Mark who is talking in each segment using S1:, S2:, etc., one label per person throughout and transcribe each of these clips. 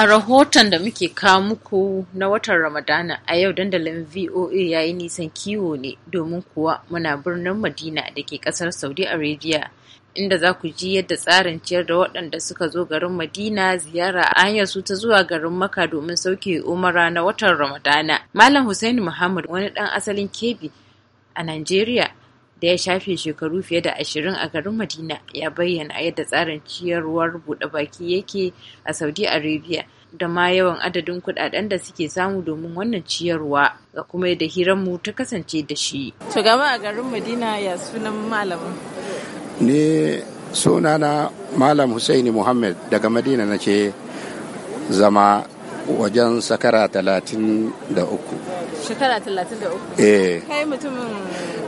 S1: A rahoton da muke kawo muku na watan Ramadana a yau dandalin VOA ya yi nisan kiwo ne domin kuwa muna birnin Madina da ke kasar Saudi Arabia inda za ku ji yadda tsarin ciyar da waɗanda suka zo garin Madina ziyara a hanyar su ta zuwa garin Maka domin sauke umara na watan Ramadana. Malam Hussaini Muhammad wani ɗan asalin kebi a Najeriya da ya shafe shekaru fiye da ashirin a garin Madina ya bayyana yadda tsarin ciyarwar buɗe baki yake a Saudi Arabia da ma yawan adadin kuɗaɗen da suke samu domin wannan ciyarwa ga kuma yadda hiranmu ta kasance da shi. gaba a garin Madina ya sunan malamin.
S2: Ni sunana Malam husaini Muhammad daga Madina nake zama wajen sakara talatin da uku.
S1: Shekara 33. Eh. Kai mutumin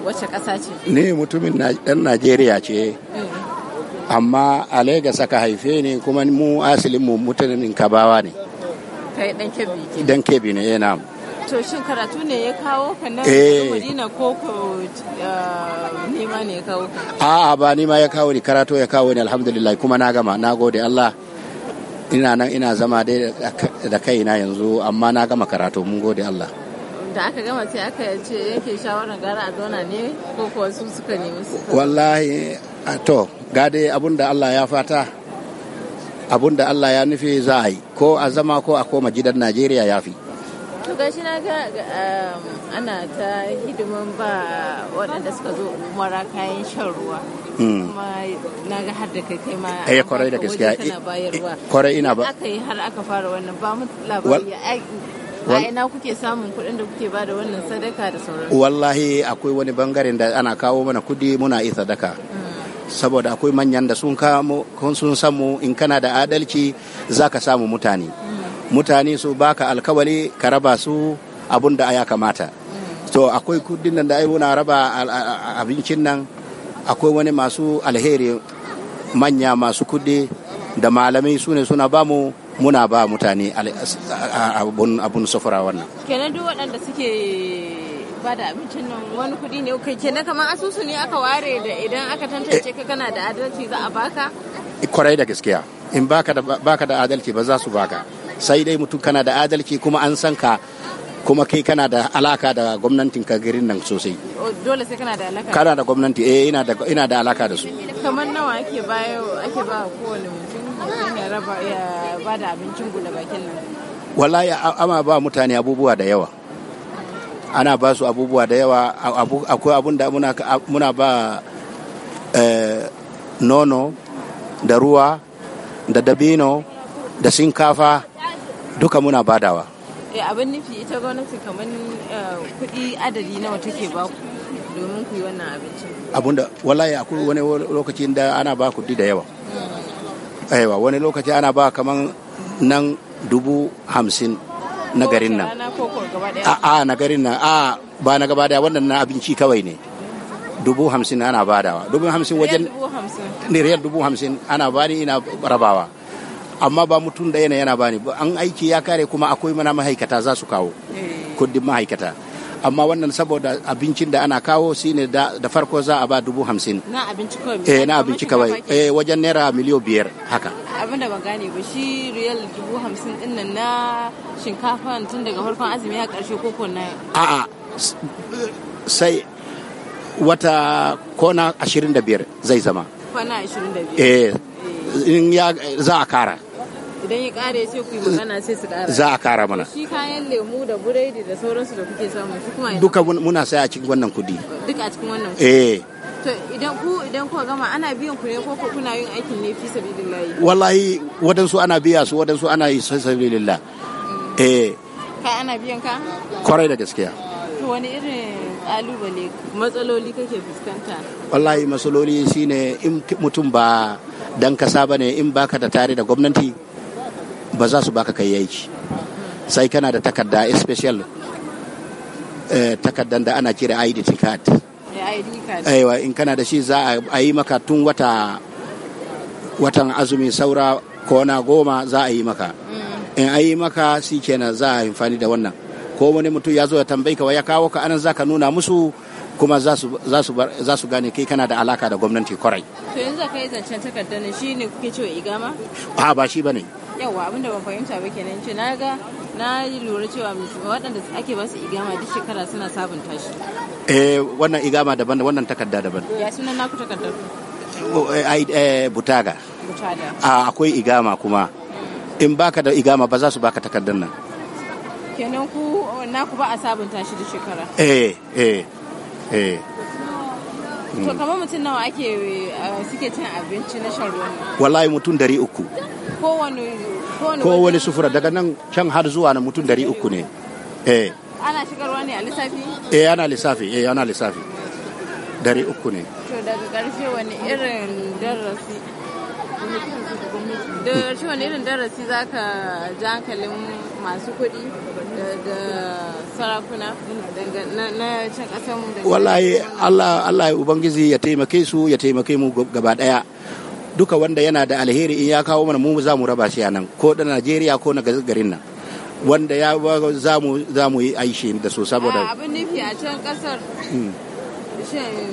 S1: wace ƙasa ce?
S2: ne mutumin ɗan Najeriya ce.
S1: Hmm.
S2: Amma a lagos aka haife ne kuma mu asilin mu mutanen Kabawa ne.
S1: Kai ɗan kebi ke. Dan
S2: kebi ne yana.
S1: Eh, to shin karatu ne ya kawo ka nan eh. Madina ko ko ah, nima ne ya kawo ka?
S2: A'a ba nima ya kawo ni karatu ya kawo ni alhamdulillah kuma na gama na gode Allah. ina nan ina zama dai da kaina yanzu amma na gama karatu mun gode Allah
S1: da aka gama sai aka ce yake shawarar gara a zauna ne ko kuwa su suka nemi su
S2: wallahi a to gade abun da Allah ya fata abun da Allah ya nufi za a yi ko a zama ko a koma gidan Najeriya ya fi
S1: to gashi na ga um, ana ta hidiman ba waɗanda suka zo umara kayan shan ruwa hmm. kuma na ga har da kai kai ma eh kwarai da gaskiya eh, kwarai ina ba aka yi har aka fara wannan ba mu labari ina kuke samun kuɗin da kuke bada wannan sadaka
S2: da sauransu wallahi akwai wani bangaren da ana kawo mana kuɗi muna yi sadaka mm. saboda akwai manyan da sun kamo sun samu in kana da adalci za ka samu mutane mm. mutane su baka alkawali ka raba su abun da ya kamata mm. to akwai kudin nan da ai muna raba abincin nan akwai wani masu alheri manya masu kudi da malamai su ne suna bamu muna ba mutane abun sufura wannan
S1: kenan duk waɗanda suke ba da abincin nan wani kuɗi ne kai kenan kamar asusu ne aka ware da idan aka tantance eh. ka kana da adalci za a baka
S2: eh, kwarai da gaskiya in baka da baka da adalci ba za su baka sai dai mutum kana da adalci kuma an san ka kuma kai kana da alaka da gwamnatin ka garin nan sosai
S1: dole sai kana da alaka kana
S2: da gwamnati eh ina da alaka da su
S1: kamar nawa ake bayo ake ba kowane ba da abincin gula bakin nan
S2: wallahi ama ba mutane abubuwa da yawa ana ba su abubuwa da yawa akwai abun da muna ba eh, nono da ruwa da dabino da sinkafa duka muna badawa
S1: eh, abin nufi ita gwamnati kamar eh, kudi adadi nawa take ba ku domin ku yi wannan abincin
S2: abun da wallahi akwai wani lokacin da ana ba kudi da yawa aiwa wani lokaci ana ba kaman nan dubu hamsin na garin nan a na garin nan a ba na gaba daya wannan na abinci kawai ne dubu hamsin ana badawa dubu hamsin wajen riyal dubu hamsin ana bani ina rabawa amma ba mutum da yana yana bani an aiki ya kare kuma akwai mana mahaikata za su kawo eh. kudin mahaikata amma wannan saboda abincin da ana kawo shine da, da farko za a ba dubu hamsin
S1: na abinci kawai eh na abinci kawai eh
S2: wajen naira miliyo biyar haka
S1: abin da ban gane ba shi riyal dubu hamsin din nan na shinkafa tun daga farkon azumi ya karshe koko na
S2: a'a sai wata kona ashirin da biyar zai zama kona ashirin da biyar eh in ya za a kara
S1: idan ya kare ce ku yi magana sai su kara za a kara mana shi kayan lemu da buredi da sauransu da kuke samu shi kuma duka
S2: muna saya a cikin wannan kudi
S1: duka a cikin wannan kudi eh to idan ku idan ku gama ana biyan ku ne ko ku kuna yin aikin ne fi sabilillahi
S2: wallahi wadansu ana biya su wadansu ana yi sai sabilillah mm. eh
S1: kai ana biyan ka
S2: kwarai da gaskiya
S1: to wani irin kalubale matsaloli kake fuskanta
S2: wallahi matsaloli shine in mutum ba dan kasa bane in baka da tare da gwamnati ba za su baka kai aiki sai kana da takarda special eh, takardan da ana kira id eh, card aiwa in kana da shi za a yi maka tun wata watan azumi saura kona goma za a yi maka mm. in a yi maka shi kenan za a amfani da wannan ko wani mutum ya zo ya tambayi ka ya kawo ka anan za ka nuna musu kuma za su gane kai kana da alaka da gwamnati kwarai to
S1: yanzu ka yi zancen takardar shi ne kuke cewa igama
S2: a ba shi ba ne
S1: yawa abinda ban fahimta ba kenan ce na ga na lura cewa waɗanda ake basu igama duk shekara suna sabunta
S2: shi eh wannan igama daban da wannan takarda daban ya sunan naku eh, eh butaga butaga akwai igama kuma in baka da igama ba za su baka takardar nan
S1: kenan ku naku ba a sabunta shi duk shekara
S2: eh eh eh
S1: to kamar mutum nawa ake eh, suke cin abinci na shan ruwa
S2: wallahi mutum dari uku
S1: kowane
S2: sufura daga nan can har zuwa na mutum dari uku ne eh
S1: ana shigarwa ne a lissafi
S2: eh ana lissafi eh ana lissafi dari uku ne
S1: to daga karshe wani irin darasi da shi wani irin darasi za ka ji hankalin masu kuɗi da sarakuna na can ƙasar mu da wallahi
S2: Allah Allah ubangiji ya taimake su ya taimake mu gaba ɗaya duka wanda yana da alheri in ya kawo mana mu za mu raba shi a nan ko da najeriya ko na garin nan wanda ya za mu za mu yi aishi da su saboda
S1: abin nufi a can kasar hmm.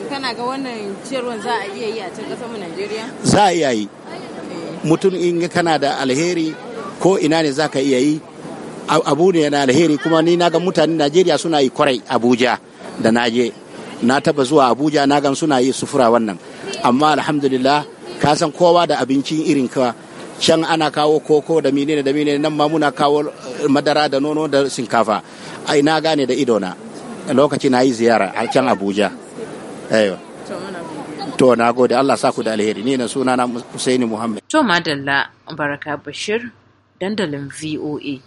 S1: kana ga wannan ciyarwan za a iya yi a can kasar mu
S2: najeriya za a iya yi eh. mutum in kana da alheri ko ina ne za ka iya yi abu ne na alheri kuma ni na ga mutanen najeriya suna yi kwarai abuja da naje na taba zuwa abuja na gan suna yi sufura wannan amma alhamdulillah ka san kowa da abincin irin ka can ana kawo koko da mine da mine nan ma muna kawo eh, madara da nono da shinkafa ai na gane da ido na lokaci na yi ziyara a can abuja aiwa to na gode allah sa ku da alheri ni na suna na husaini muhammad
S1: to madalla baraka bashir dandalin voa